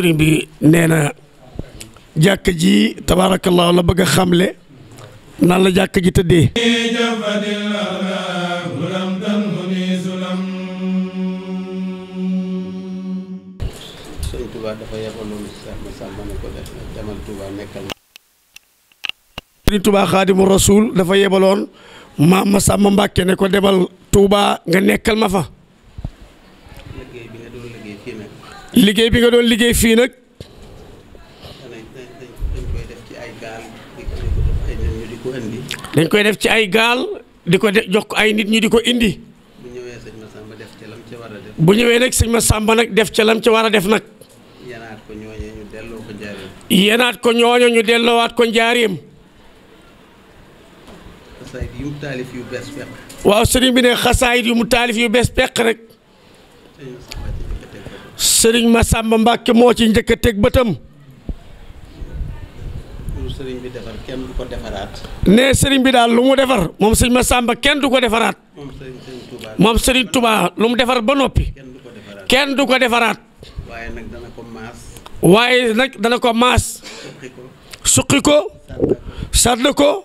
sëriñ bi nee na jàkk ji tabaarakallaahu la bëgg a xamle nan la jàkk ji tëddee sëriñ Tuubaa ni Tuubaa Xaadimu Rasuul dafa yebalon mama ma mbake ne ko debal Tuubaa nga nekkal ma fa liggéey bi nga do liggey fi nak dañ koy def ci ay gaal di ko jox ay nit ñi di indi bu ñëwee nag sëñ Masamba nag def ca lam ca war a def nak yenaat ko ñooñu ñu delloo ko njaareem yenaat ko ñooñu ñu delloowaat ko jaarim xasaayit yu yu bees waaw sëriñ bi ne xasaayit yu mu taalif yu bees peq rek. ma Massamba Mbacke moo ci njëkk a teg bëtam. sëriñ bi defar kenn du ko defaraat. nee sëriñ bi daal lu mu defar moom ma Massamba kenn du ko defaraat. moom sëriñ Touba lu mu defar ba noppi. kenn du ko defaraat. waaye nag dana ko maas. waaye nag dana ko maas. suqi ko. sàdd ko.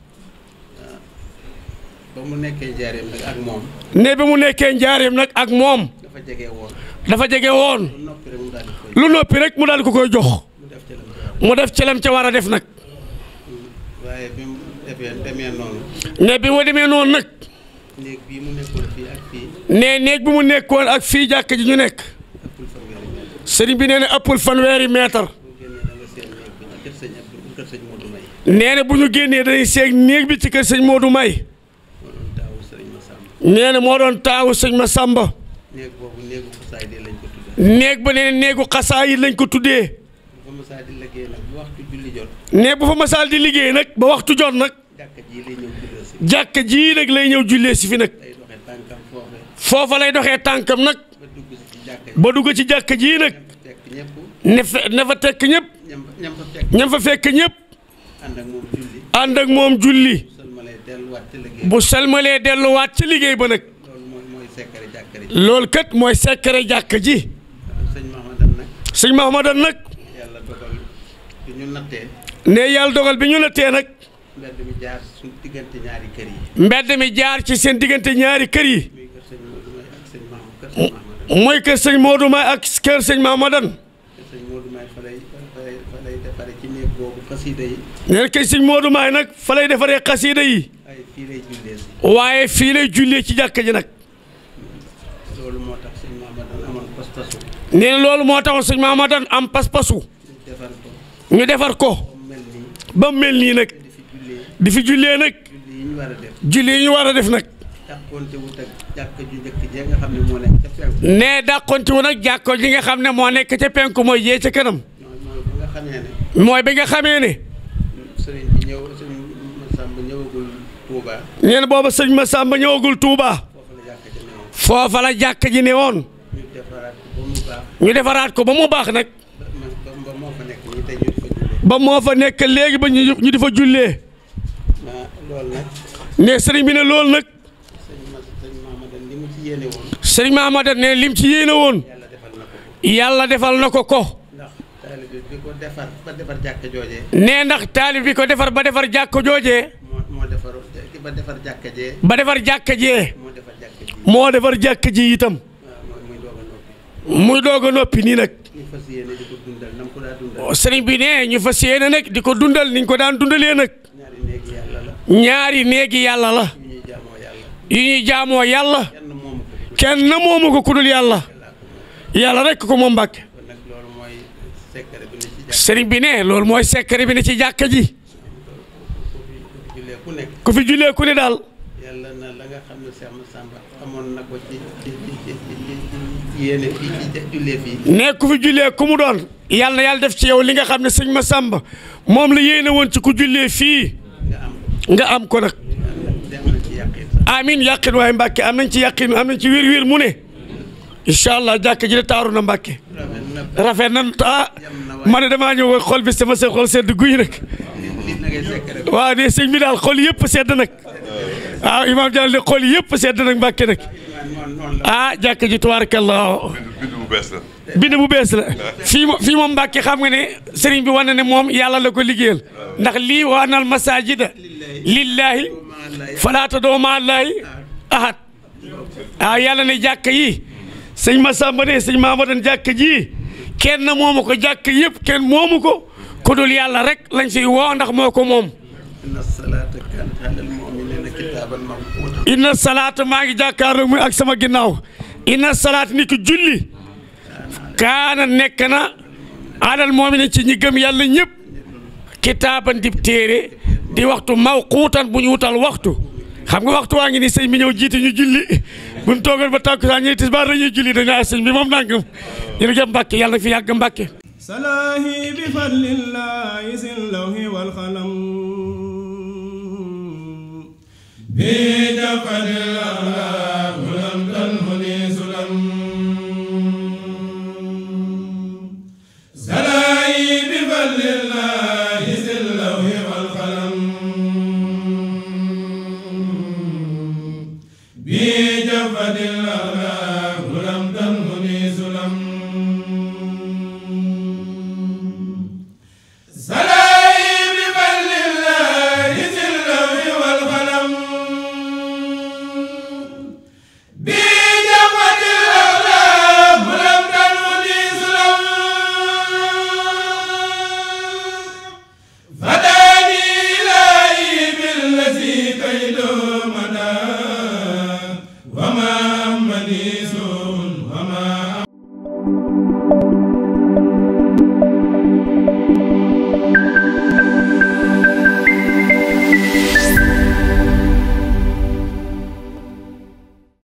ba mu nekkee njaareem nag ak moom. ne ba mu nekkee njaareem nag ak moom. dafa jege woon. dafa jege woon. lu noppi rek mu daal ko koy jox. mu def ci lam ca war a def nag. Mm. waaye bi mu demee noonu. demee noonu nag. néeg bi néeg bi mu nekkoon ak fii jàkk ji ñu nekk. sëriñ bi nee na ëppul fanweeri mètre. nee na bu ñu génnee dañuy seeg néeg bi ci kër sëñ du May. nee na moo doon taawu sëñ ma néeg boobu néegu xasaayid lañ néeg ba nee na néegu yi lañ ko tuddee. bu fa di liggéey nag ba nee bu fa masaal di liggéey nag ba waxtu jot nag. jàkka jii lay ñëw jullee si. nag lay ñëw jullee si fi nag. foofa lay doxee tànkam nag. ba dugg ci jàkka jii nag. ne fa ne fa tekk ñëpp. ñam fa fekk ñëpp. ànd ak moom julli. bu selmalee delluwaat ci liggéey ba nag loolu kat mooy sekkare jàkk ji sëñ Mahamadan nag ne yàlla dogal bi ñu nattee nag mbedd mi jaar ci seen diggante ñaari kër yi mooy kër sëñ Modou May ak kër sëñ Mahamadan xasida yi. nee na kay nag fa lay defaree xasida yi. waaye waaye fii lay jullee ci jàkka ji nag. loolu moo tax sëñ Mamadou amoon pas-pasu. nee na loolu moo taxoon sëñ Mamadou am pas-pasu. ñu defar ko. ba mu mel nii nag. di fi jullee nag. julli yi ñu war a def nag. ne dàqonte wu nag jàkko ji nga xam ne moo nekk ca penk mooy yee ca kanam. mooy bi nga xamee ne. sëriñ bi ñëw sëriñ Massamba ñëwagul Touba. nee na booba ñëwagul Touba. foofa la jàkk ji ne woon. ñu defaraat ko ba mu baax nag. ba moo fa nekk léegi ba ñu ñu di fa jullee. ne sëriñ bi ne loolu nag. sëñ sëriñ Mahamadan ne lim ci yéene woon. yàlla defal na ko ko. bi ko defar ba defar nee ndax taalib bi ko defar ba defar jàkka joojee. moo defar ba defar jàkka jee. ba defar jàkka jee. moo defar jàkka ji itam. muy doog a noppi nii nag. ñu fas oh, bi nee ñu fas yéene nag di ko dundal ni ñu ko daan dundalee nag. ñaari néegi yàlla la. ñaari néegi yàlla la. yu ñuy jaamoo yàlla. kenn moomu ko ku dul yàlla. yàlla rek ko moom Mbàkke. seriñ bi ne loolu mooy secret bi ne ci jàkka ji ku fi jullee ku ne daal yàlla na la nga xam ne Cheikh Massamba na ko ci ku fi jullee ku mu doon yàlla yàlla def ci yow li nga xam ne sëñ sàmba moom la yéene woon ci ku jullee fii nga am ko nag amin yàqin waaye Mbàkke am nañ ci yàqin am nañ ci wér-wér mu ne incha allah jàkka ji de taaru na Mbàkke rafet na ah ma dama damaa ñëw xol bi sama xol sedd guuy nag wa ne sëñ bi dal xol yëpp sedd nak waaw imam dal ne xol yëpp sedd nak mbacké nak ah jàkk ji tubaarkallaa bindu bu bess la fi fi moom mbacké xam nga ne señ bi wone ne mom yàlla la ko liggéeyal ndax li wa anal masajida lillaahi fala tadu ma llaahi ahad ah yàlla ne jàkk yi sëñ Masamba ne sëñ Maamadan jàkk ji kenn moomu ko jàkk yépp kenn moomu ko ku yàlla rek lañ siy woo ndax moo ko moom inna salaata maa ngi jàkkaarloo muy ak sama ginnaaw inna salaat ni ki julli kaana nekk na alal moomine ci ñi gëm yàlla ñëpp kitaaban dib di waxtu mawquutan bu ñu wutal waxtu xam nga waxtu waa ngi ni sëñ bi ñëw jiite ñu julli bu ñu toogoon ba tàkkusaan ñuy tisbaar dañuy julli dañu bi moom nangam jërëjëf Mbàkke yàlla na fi yàgg Mbàkke salaahi bi fadlillahi sin lawhi wal xalam you.